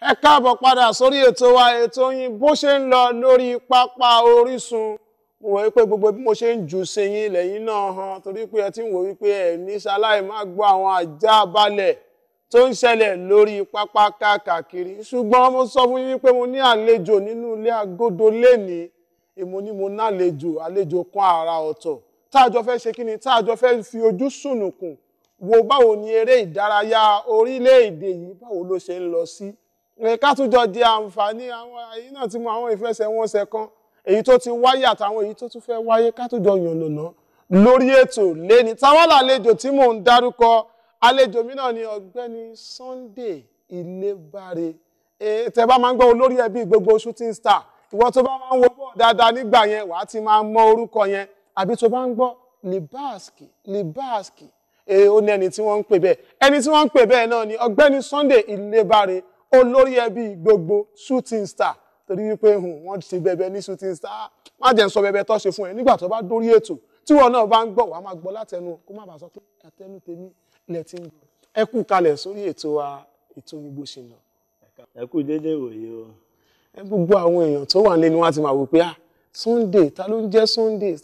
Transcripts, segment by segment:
ẹ káàbọ̀ padà sórí ètò wa ètò yín bó ṣe ń lọ lórí pápá Orísun mo wò wípé gbogbo bí mo ṣe ń jù sí yín lẹ́yìn náà hàn torí pé ẹ ti ń wò wípé ẹ ní ṣaláì má gbọ́ àwọn àjá balẹ̀ tó ń ṣẹlẹ̀ lórí pápá káàkiri ṣùgbọ́n mo sọ fún yín wípé mo ní àlejò nínú ilé agodo lẹ́ni èmo ni mo nálejò àlejò kan àrà ọ̀tọ̀ táàjọ fẹ́ ṣe kí ni táàjọ fẹ́ fi ojú sùnùkùn wo báwo ni eré ìdárayá orílẹ̀-èdè yìí báwo ló ṣe ń lọ sí. Si ká tún di àǹfààní àwọn èyí náà ti mọ àwọn ìfẹsẹ̀wọnsẹ̀ kan èyí tó ti wáyé àtàwọn èyí tó tún fẹ́ wáyé ká tún jọ yànnàná lórí ètò lẹ́ni táwọn àlejò tí mò ń dárúkọ àlejò mi náà ni ọ̀gbẹ́ni Sunday Ilébáre tẹ bá máa ń gbọ́ olórí ẹbí gbogbo shooting star ìwọ tó bá máa ń wo bọ́ọ̀ dáadáa nígbà yẹn wàá ti máa mọ orúkọ yẹn àbí tó bá ń gbọ́ libaski libaski ó ní ẹni tí wọ́n ń pè bẹ́ẹ̀ ẹni tí wọ́n ń pè bẹ́ẹ̀ náà ni ọ̀gbẹ́ni Sunday Ilébáre olórí ẹbí gbogbo shooting star torí wípé wọ́n ṣe bẹ̀bẹ̀ ní shooting star má jẹ́ ń sọ bẹ̀bẹ̀ tó ṣe fún ẹ nígbà tó bá dórí ètò tí wọn náà bá ń gbọ́ wàá máa gbọ́ látẹnu kó má bàa sọ pé àtẹnu tèmi lẹ ti ń gbọ́. ẹ kú kalẹ̀ sórí ètò wa ètò Òyìnbó Ṣìnà. ẹ kú dédé ìwòye o. ẹ gbogbo àwọn èèyàn tó wà lẹ́nu wa ti máa wò pé ah Sunday ta ló ń jẹ́ Sunday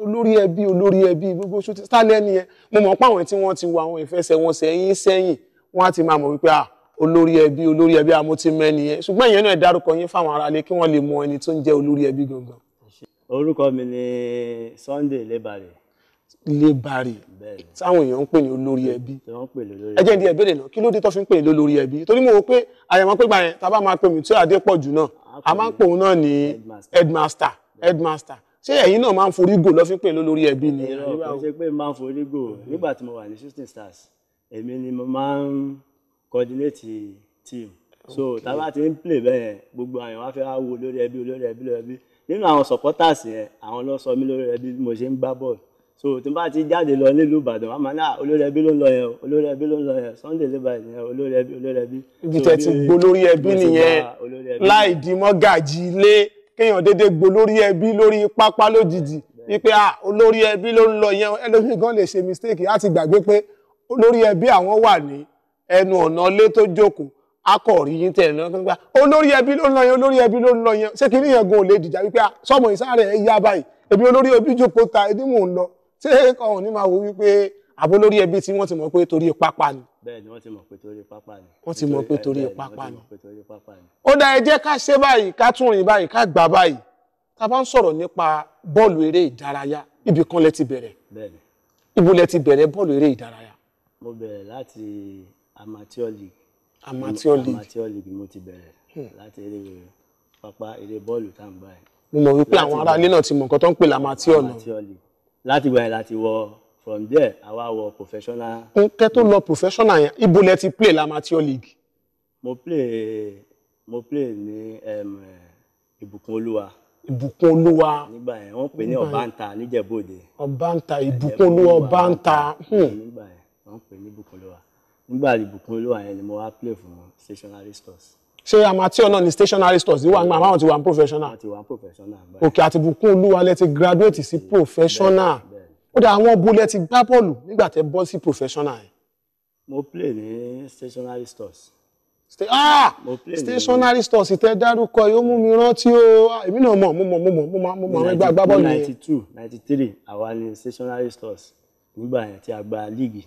olórí ẹbí olórí ẹbí gbogbo ṣó ti sálẹ̀ nìyẹn mo mọ̀ pé àwọn tí wọ́n ti wo àwọn ìfẹsẹ̀wọnsẹ̀ yín sẹ́yìn wọ́n á ti máa mọ̀ wípé ah olórí ẹbí olórí ẹbí amútí mẹ́ni yẹn ṣùgbọ́n ìyẹn náà dárúkọ yín fáwọn aráalé kí wọ́n lè mọ ẹni tó ń jẹ́ olórí ẹbí gangan. orúkọ mi ni Sunday Lebare. Lebare táwọn èèyàn ń pè ní olórí ẹbí ẹ jẹ́ ní ẹ̀bẹ̀rẹ̀ náà kí ló dé tó fi ń pè ní olórí ẹbí torí mo wò pé àyẹ̀mọ́ pé gbàyẹn tá a bá máa pè mí tí Adépọ̀jù náà a máa ń pè òun náà ní headmaster headmaster ṣé ẹ̀yin náà máa ń forí gò lọ́fín pè lólórí ẹbí ni. ìrọ̀ kò ṣe pé máa ń forí gò nígbà tí mo wà ní shooting stars èmi ni mo máa ń coordinate team so tábà ti ń play bẹ́ẹ̀ gbogbo àwọn wá fẹ́ wá wo olórí ẹbí olórí ẹbí olórí ẹbí nínú àwọn supporters yẹn àwọn ló sọ mí lórí ẹbí bí mo ṣe ń gbá bọ́ọ̀lù so tí n bá ti jáde lọ nílùú Ìbàdàn wàá máa ná olórí ẹbí ló ń lọ yẹn o olórí ẹbí ló ń lọ yẹn Sunday labour yẹn olórí ẹbí olórí ẹbí. ibi tẹ ti gbolórí ẹbí nìyẹn láì di mọ́gàjì ilé kéèyàn déédéé gbolórí ẹbí lórí pápá lójijì wípé ah olórí ẹbí ló ń lọ yẹn ẹlòmíì gan lè ṣe mistake láti gbàgbé pé olórí ẹbí àwọn wà ní ẹnu ọ̀nà ilé tó jókòó akọ̀rí yín tẹ̀ lọ́nà gbà olórí ẹbí ló ń lọ yẹn olórí ẹbí ló ń lọ yẹn ṣé kìíní yẹn gan ò lè dìjà wípé ah, sọmọ ìsáré ẹ yá báyìí èmi olórí ẹbí jókòó ta ẹni mò ń lọ ṣé ọ̀hún ní máa wo wípé àbó lórí ẹbí tí wọ́n ti mọ̀ pé torí pápá ni. bẹ́ẹ̀ni wọ́n ti mọ̀ pé torí pápá ni. wọ́n ti mọ̀ pé torí pápá ni. ó dá ẹ jẹ́ ká ṣe báyìí ká tún rìn báyìí ká gbà báyìí tá a bá ń sọ̀rọ̀ nípa bọ́ọ̀lù eré ìdárayá ibì kan lẹ ti bẹ̀rẹ̀. bẹ́ẹ̀ni. ibo lẹ ti bẹ̀rẹ̀ bọ́ọ̀lù eré ìdárayá. mo bẹ̀rẹ̀ láti amateur league amateur league amateur league mo ti bẹ̀rẹ̀ hmm. láti eré pápá eré bọ́ọ̀lù tá n báyìí. mo mọ̀ wípé àwọn ará ilé náà ti mọ̀ nǹkan tó ń pè lamateur náà. amateur league láti gbà yẹn láti wọ from there àwa wọ professional. kẹ́ tó lọ professional yẹn ibo lẹ ti play lamateur league. mo play mo play ní ìbùkún olúwa ìbùkún olúwa nígbà yẹn wọ́n pè ní ọbàǹta níjẹ̀bú Òde ọbàǹta ìbùkún olúwa ọbàǹta hmm. nígbà yẹn wọ́n pè ní ìbùkún olúwa nígbà ìbùkún olúwa yẹn ni mo wá play fún stationary stores. ṣé amateur náà ni stationary stores wà nígbà àwọn ti wà professional. àti wà professional. òkè àti ìbùkún olúwa lẹ ti graduate sí professional ó dà àwọn bolẹ̀ ti gbá bọ́ọ̀lù nígbà tẹ bọ́ sí professional yẹn. mo play ní stationary stores. St ah stationary stores ìtẹ dárúkọ yóò mú mi rántí o ah, èmi náà mọ mo mọ mo mọ mo mọ mo mọ àwọn ẹgbẹ́ yẹn. ninety two ninety three àwa ni stationary stores nígbà yẹn tí a gba líìgì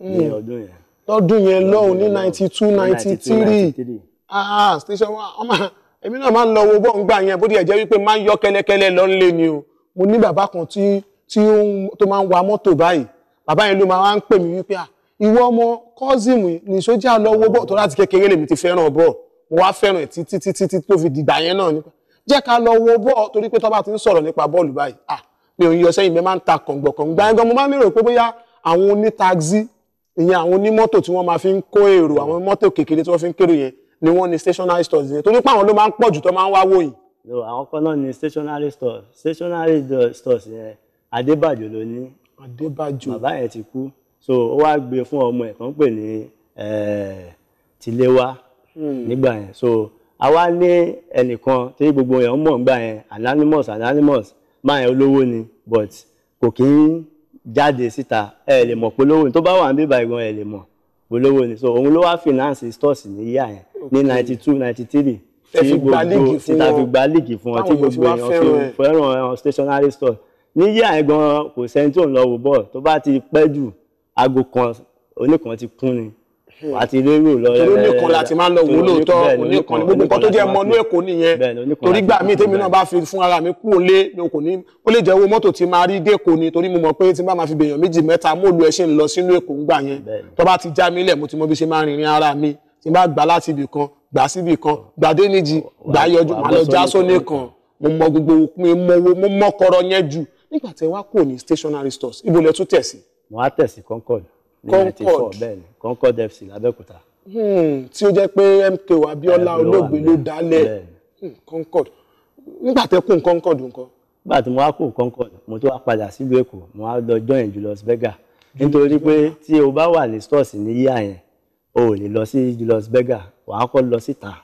ní hmm. ọdún yẹn. lọ́dún yẹn lọ́hùn ní ninety two ninety three ah station ọmọ èmi náà máa ń lọ wo bọ́ọ̀ gbà yẹn bó di ẹ̀jẹ̀ wípé máa ń yọ kẹ́lẹ́kẹ́lẹ́ lọ ń lé ni o mo ní bàbá kan tí tí tó máa ń wa mọ́tò báyìí bàbá yẹn ló máa ń pè mí wípé ah ìwọ ọmọ kọ́sìmù ní sójà lọ wo bọ́ọ̀ tó láti kékeré lèmi ti fẹ́ràn bọ́ọ̀ mo wá fẹ́ràn ẹ̀ títí títí títí tó fi dìgbà yẹn náà nípa jẹ́ ká lọ wo bọ́ọ̀ torí pé tó bá ti ń sọ̀rọ̀ nípa bọ́ọ̀lù báyìí ah mi ò ń yọ sẹ́yìn mi máa ń ta kọ̀ǹgbọ̀kọ̀ǹgbà yẹn gan mo máa ń lérò pé bóyá àwọn oní taxi ìyẹn àwọn onímọ́tò tí wọ́n máa fi ń kó èrò àwọn mọ́tò kékeré tí wọ́n fi ń kérò yẹn ni wọ́n ní stationary stores yẹn torí pé àwọn ló máa ń pọ̀ jù tó máa ń wá wò yìí. no àwọn kan náà ní stationary stores stationary stores yẹn Adébàjò ló ní Adébàjò bàbá yẹn ti kú so ó wá gbé fún ọmọ ẹ̀ tó pè ní Tiléwá hmm. nígbà yẹn so àwa ní ẹnìkan tí gbogbo yẹn ń mọ̀ nígbà yẹn anonymous anonymous máa yẹn olówó ni but kò kí ń jáde síta ẹ lè mọ̀ polówó ni tó bá wà ń bíbá ìgbọ̀n ẹ lè mọ̀ polówó ni so òun ló wá finance stores ní yíyà yẹn ní ninety two ninety three tí gbogbo títa fi gba líìgì fún ọ tí gbogbo èèyàn fi fẹ́ràn stationary store ní yíyà yẹn gan kò sẹ́ni tó ń lọ wò bọ́ọ̀ tó bá ti pẹ́ jù aago kan oníkan ti kún ni Hmm. àti lérò lọ rẹ torí eh, nìkan láti máa ń lọ wò lóòótọ́ oníkan ní gbogbo nǹkan tó jẹ́ mọ́nú èkó nìyẹn torí gbà mí tèmi náà bá fi fún ara mi kú òlé mi kò ní ó lè jẹ́ owó mọ́tò tí máa rí dé ni torí mo mọ̀ pé tí n bá máa fi bèèyàn méjì mẹ́ta mo lu ẹṣin lọ sínú èkó ńgbà yẹn tó bá ti já mi lẹ̀ mo ti mọ bí ṣe máa rìnrìn ara mi tí n bá gbà láti ibì kan gbà síbì kan gbà dé níjì gbà yọjú màá lọ já sóní kan mo mọ gbogbo mo mọ stores ibo lẹ tún tẹ̀ sí. mo Concord bẹ́ẹ̀ ni Concord FC l'Abẹ́òkúta. Hmm, tí ó jẹ́ pé MKO Abíọ́lá olóògbé ló dálẹ̀ hmm, Concord nígbà tẹ́ kún Concord nǹkan. nígbà tí mo wá kún Concord mo tó wá padà sílùú Èkó mo wá lọ join Julius Berger nítorí pé tí o bá wà ní stores ní yíyà yẹn o ò lè lọ sí Julius Berger wàá kọ́ lọ síta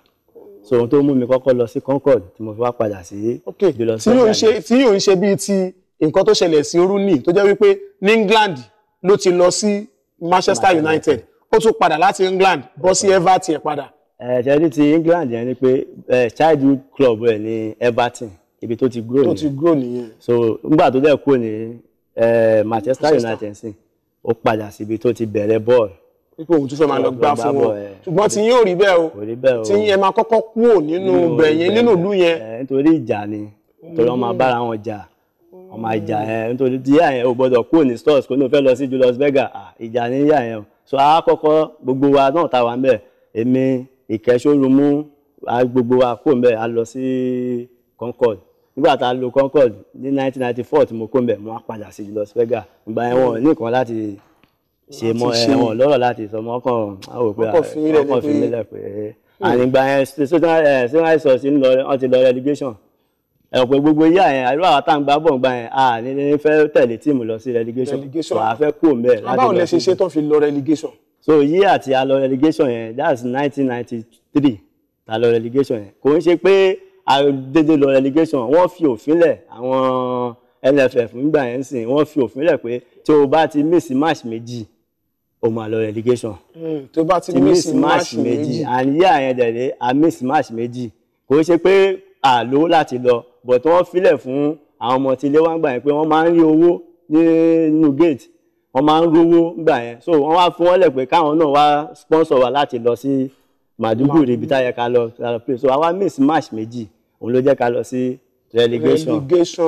so ohun tó mú mi kọ́kọ́ lọ sí Concord tí mo fi wá padà sí Julius Berger. tí yóò ń ṣe bíi ti nǹkan tó ṣẹlẹ̀ sí orúnì tó jẹ́ wípé ní England ló ti lọ sí Manchester United ó tún padà láti England bọ́ sí Everton padà. ṣẹ́ni ti England yẹn ni pé childhood club ẹ̀ ní Everton ibi tó ti grow nìyẹn tó ti grow nìyẹn so ngbà tó dẹ̀ kúrò ní Manchester United sí ó padà síbi tó ti bẹ̀rẹ̀ bọ́ọ̀lù pípé òun tún fẹ́ máa lọ gbá fún wọn ṣùgbọ́n tí yín ò rí bẹ́ẹ̀ o tí yín ẹ máa kọ́kọ́ kúrò nínú bẹ̀yẹn nínú ìlú yẹn. nítorí ìjà ni torí wọn máa bára wọn jà ọmọ ìjà yẹn nítorí díyà yẹn ò gbọdọ̀ kúrò ní stores kó ní o fẹ́ lọ sí Julius Berger ìjà ní yà yẹn o so a kọ́kọ́ gbogbo wa náà ta wà ń bẹ̀ èmi ìkẹ́sọ́rùmú gbogbo wa kúrò ń bẹ̀ a lọ sí Concord nígbà tá a lo Concord ní 1994 tí mo kó ń bẹ̀ mo á padà sí Julius Berger ìgbà yẹn wọn ní nǹkan láti ṣe mọ ẹwọn lọ́rọ̀ láti sọ mọ́ ọkàn àwọn òpin ọkàn fi mílẹ̀ pé ànígbà yẹn sunrise sọ sí ń lọ wọn ti lọ relegation ọ̀pọ̀ gbogbo yá yẹn àìrò àwọn tá à ń gbá bọ̀ gbá yẹn à ní ní fẹ́ tẹ̀lé tíìmù lọ sí relegation wà á fẹ́ kó mẹ́ láti lọ sí. báwo lẹ ṣe ṣe tó fi lọ relegation. so yí àti a lọ relegation yẹn that's nineteen ninety three ta lọ relegation yẹn kò ń ṣe pé àdédé lọ relegation wọ́n fi òfin lẹ̀ àwọn NFF nígbà yẹn sìn wọ́n fi òfin lẹ̀ pé tí o bá ti miss match méjì o máa lọ relegation. Hmm, tó bá ti miss match méjì àníyá yẹn dẹ̀ lé a miss match méjì kò ń ṣe pé àlò láti lọ but wọ́n filẹ̀ fún àwọn ọmọ tí ilé wa ń gbà yẹn pé wọ́n máa ń rí owó nínú gate wọ́n máa ń rówó gbà yẹn so wọ́n wá fún wọn lẹ̀ pé káwọn náà wá sponsor wa láti lọ sí Maiduguri ibi táyẹ ká lọ play so àwa miss match méjì òun ló jẹ́ ká lọ sí relegation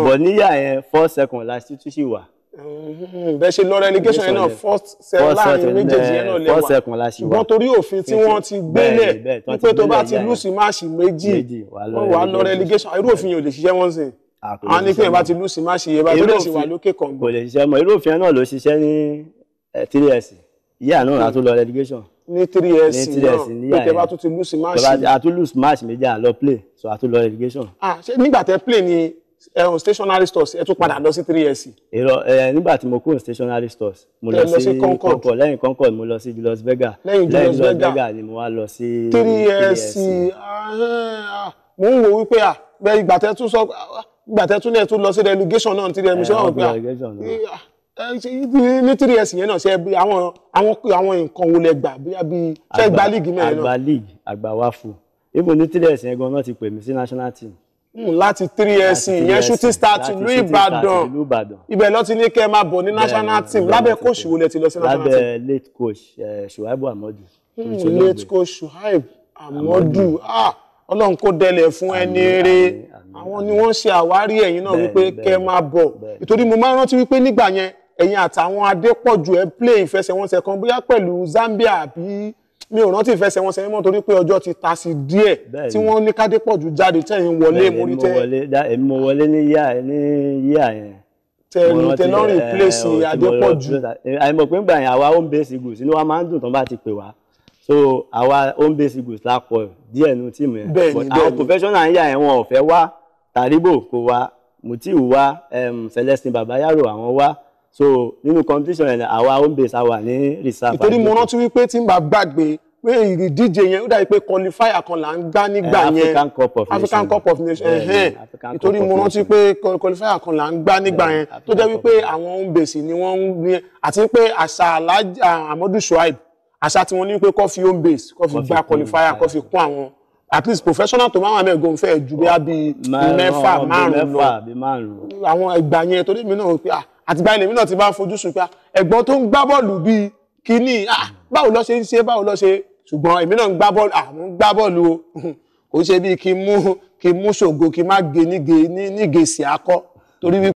but níyà yẹn four seconds last sì tún sì wà. Mm, bẹ́ẹ̀ ṣe lọ relegation yẹn náà first set láàrin méjèèjì yẹn náà eh, lẹ́wà ṣùgbọ́n torí òfin tí wọ́n ti gbélé wípé tó bá ti lùsì máàṣì méjì wọ́n wà lọ relegation irú òfin yóò lè ṣiṣẹ́ wọ́n sìn àwọn ní pé ìbá ti lùsì máàṣì yẹn bá tó lè ṣì wà lókè kan. kò lè ṣiṣẹ́ mọ́ irú òfin náà ló ṣiṣẹ́ ní eh, three years yíyà náà a tún lọ relegation ní three years náà pé tẹ bá tún ti lùsì máàṣì. a tún lùsì máàṣì méjì à so a tún relegation. ah ṣé nígbà tẹ Eh, stationary stores ẹ tún padà lọ sí three years. èrò ẹ nígbà tí mo kúrò stationary stores mo lọ sí Concord lẹ́yìn Concord mo lọ sí Julius Berger lẹ́yìn Julius Berger ni mo wá lọ sí three years. Ah, mo ń wo wípé à bẹ́ẹ̀ ìgbà tẹ́ tún sọ ìgbà tẹ́ tún lẹ́ẹ̀ tún lọ sí relegation náà ti rẹ̀ mo ṣe eh, wọ́n pé à eh, ní three years yẹn náà ṣe àwọn àwọn àwọn nǹkan wo lẹ gbà bóyá bíi ṣe gba league mẹ́rin náà. àgbà league àgbà wáfù even ní three years yẹn gan-an ti pè mí sí national team. Hmm, láti three years ìyẹn shooting star tìlú ìbàdàn ibẹ̀ ló ti ní kẹ́ ẹ máa bọ̀ ní national team lábẹ́ coach wo lẹ ti lọ sí national team. lábẹ́ late coach Shuaibu eh, Amadu. Hmm, late coach Shuaibu Amadu ah, ọlọ́run kó dẹlẹ̀ fún ẹni eré àwọn ni wọ́n ṣe àwárí ẹ̀yin náà wípé kẹ́ ẹ máa bọ̀ ìtorí mo máa ń rántí wípé nígbà yẹn ẹ̀yin àtàwọn Adépọ̀jù ẹ play ìfẹsẹ̀wọnsẹ̀ kan bóyá pẹ̀lú Zambia àbí mi ò rántí ìfẹsẹ̀wọnsẹ̀ mímọ́ torí pé ọjọ́ ti ta sí díẹ̀ tí wọ́n ní Kádépọ̀jù jáde tẹ̀yìn wọlé mórí tẹ́ èmi mo wọlé ní yíyà ní yíyà yẹn tẹ̀lú tẹ̀lọ́rìn pílẹ̀sì Adépọ̀jù. àìmọ̀ pé ńgbà yẹn àwa home base eagles inú wa máa ń dùn tán bá ti pè wá so àwa home base eagles la pọ̀ díẹ̀ nu tíìmù yẹn ni àwọn professional yíyà yẹn wọn ò fẹ́ wá Taribo kò wá Mutiu wá Celestine Babayaro àwọn wá so nínú competition yẹn àwa home base àwa ní reserve. ìtorí mo rántí wípé tí n bá gbàgbé pé ìdíje yẹn ó dàbí pé qualifier kan là ń gbá nígbà eh, yẹn African Cup of Nations African Cup of Nations eh, eh, nítorí mo rántí pé qualifier kan là ń gbá nígbà yẹn tó jẹ́ wípé àwọn ohun bèsì ni wọ́n ń ní àti pé àṣà Amadu Shuaib àṣà tí wọ́n ní pé kó fi home base kó fi gba qualifier kó fi kún àwọn at least professional tó máa wà mẹ́ẹ̀gọ́ fẹ́ẹ́ ju bí i mẹ́fà márùn-ún lọ àwọn ìgbà yẹn torí mi náà pé ah àtìgbà ilẹ̀ mi náà ti bá fojú sùn pé ah, ẹ̀gbọ́n tó ń gbá bọ́ọ̀lù bíi kínní ah, báwo ló ṣe ń ṣe báwo ló ṣe ṣùgbọ́n èmi náà ń gbá bọ́ọ̀lù àmọ́ ah, ń gbá bọ́ọ̀lù o kò ṣe bíi kí mú kí mú ṣògo kí má gé níge níge sí akọ́ torí wí